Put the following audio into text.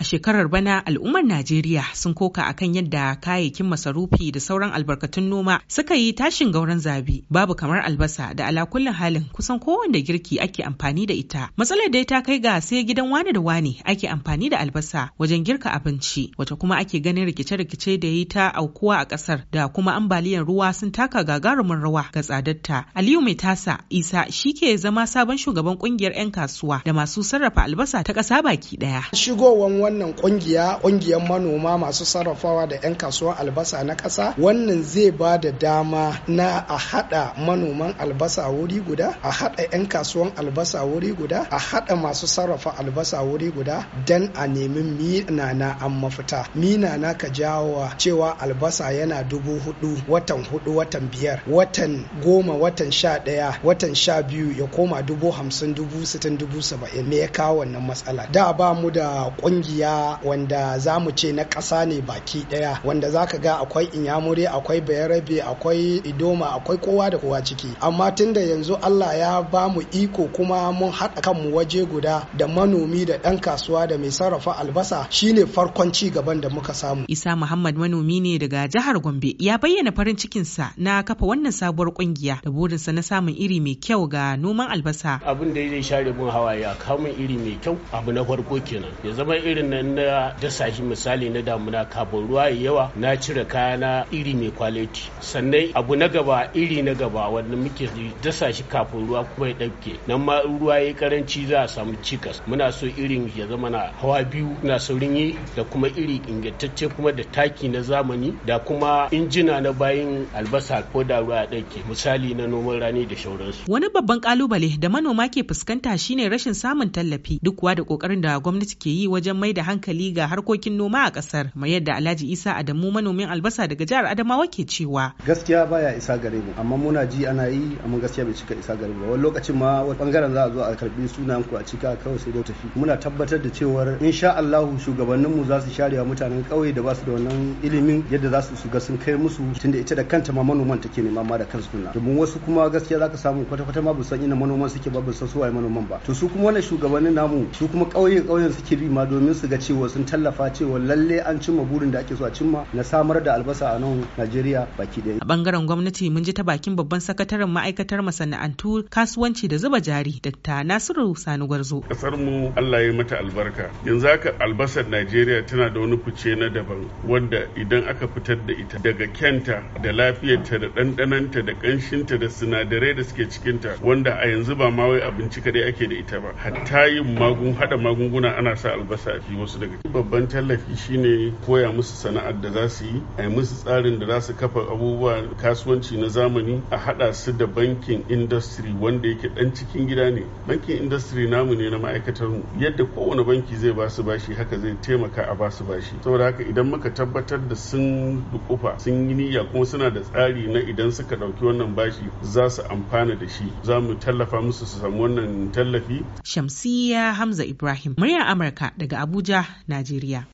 A shekarar bana al'ummar Najeriya sun koka akan yadda kayayyakin masarufi da sauran albarkatun noma suka yi tashin gauran zabi babu kamar albasa da alakullin halin kusan kowanne girki ake amfani da ita. Matsalar dai ta kai ga sai gidan wani da wani ake amfani da albasa wajen girka abinci wata kuma ake ganin rikice-rikice da yi ta aukuwa a ƙasar da kuma ambaliyar ruwa sun taka gagarumin rawa ga tsadarta. Aliyu mai tasa Isa shi ke zama sabon shugaban kungiyar 'yan kasuwa da masu sarrafa albasa ta ƙasa baki ɗaya. Shigowan wannan kungiya kungiyar manoma masu sarrafawa da 'yan kasuwar albasa na ƙasa wannan zai ba da dama na a haɗa manoman albasa wuri guda a haɗa 'yan kasuwan albasa wuri guda a haɗa masu sarrafa albasa wuri guda dan a nemi mina na an mafita mina na ka jawo cewa albasa yana dubu hudu watan hudu watan biyar watan goma watan sha ɗaya watan sha biyu ya koma dubu hamsin dubu sitin dubu saba'in me ya kawo wannan matsala da ba mu da kungiya kungiya wanda za mu ce na ƙasa ne baki ɗaya wanda za ka ga akwai inyamure akwai bayarabe akwai idoma akwai kowa da kowa ciki amma tun da yanzu allah ya ba mu iko kuma mun haɗa kanmu waje guda da manomi da ɗan kasuwa da mai sarrafa albasa shine farkon ci gaban da muka samu isa muhammad manomi ne daga jihar gombe ya bayyana farin cikinsa na kafa wannan sabuwar ƙungiya da burinsa na samun iri mai kyau ga noman albasa abin da ya share mun hawaye a kamun iri mai kyau abu na farko kenan ya zama irin nan na dasa shi misali na damuna kafin ruwa ya yawa na cire kayana iri mai kwaliti sannan abu na gaba iri na gaba wanda muke dasa shi kafin ruwa kuma ya ɗauke nan ma ruwa ya karanci za a samu cikas muna so irin ya zama na hawa biyu na saurin yi da kuma iri ingantacce kuma da taki na zamani da kuma injina na bayan albasa ko da ruwa ɗauke misali na noman rani da shauransu. Wani babban kalubale da manoma ke fuskanta shine rashin samun tallafi duk da kokarin da gwamnati ke yi wajen mai da hankali ga harkokin noma a kasar mai yadda Alhaji Isa Adamu manomin albasa daga jihar Adamawa ke cewa gaskiya baya isa gare mu amma muna ji ana yi amma gaskiya bai cika isa gare mu wani lokacin ma wani bangaren za a zo a karbi sunan ku a cika kawai sai da tafi muna tabbatar da cewar insha Allahu shugabannin mu za su sharewa mutanen kauye da ba su da wannan ilimin yadda za su su ga sun kai musu tunda ita da kanta ma manoman take ne ma da kansu na domin wasu kuma gaskiya zaka samu kwata kwata ma san ina manoman suke ba san su waye manoman ba to su kuma wannan shugabannin namu su kuma kauye kauyen suke bi ma domin su ga cewa sun tallafa cewa lalle an cimma burin da ake so a cimma na samar da albasa a nan Najeriya baki ɗaya. A bangaren gwamnati mun ji ta bakin babban sakataren ma'aikatar masana'antu kasuwanci da zuba jari Dr. Nasiru Sani Gwarzo. Kasar mu Allah ya mata albarka. Yanzu haka albasar Najeriya tana da wani fice na daban wanda idan aka fitar da ita daga kyanta da lafiyarta da ɗanɗananta da ƙanshinta da sinadarai da suke cikinta wanda a yanzu ba ma wai abinci kadai ake da ita ba hatta yin magun haɗa magunguna ana sa albasa a fi wasu daga babban tallafi shine koya musu sana'ar da za su yi a yi musu tsarin da za su kafa abubuwa kasuwanci na zamani a hada su da bankin industry wanda yake dan cikin gida ne bankin industry namu ne na ma'aikatar mu yadda kowane banki zai ba su bashi haka zai taimaka a ba su bashi saboda haka idan muka tabbatar da sun dukufa sun yi niyya kuma suna da tsari na idan suka dauki wannan bashi za su amfana da shi za mu tallafa musu su samu wannan tallafi shamsiya hamza ibrahim murya amurka daga abuja Abuja, Najeriya.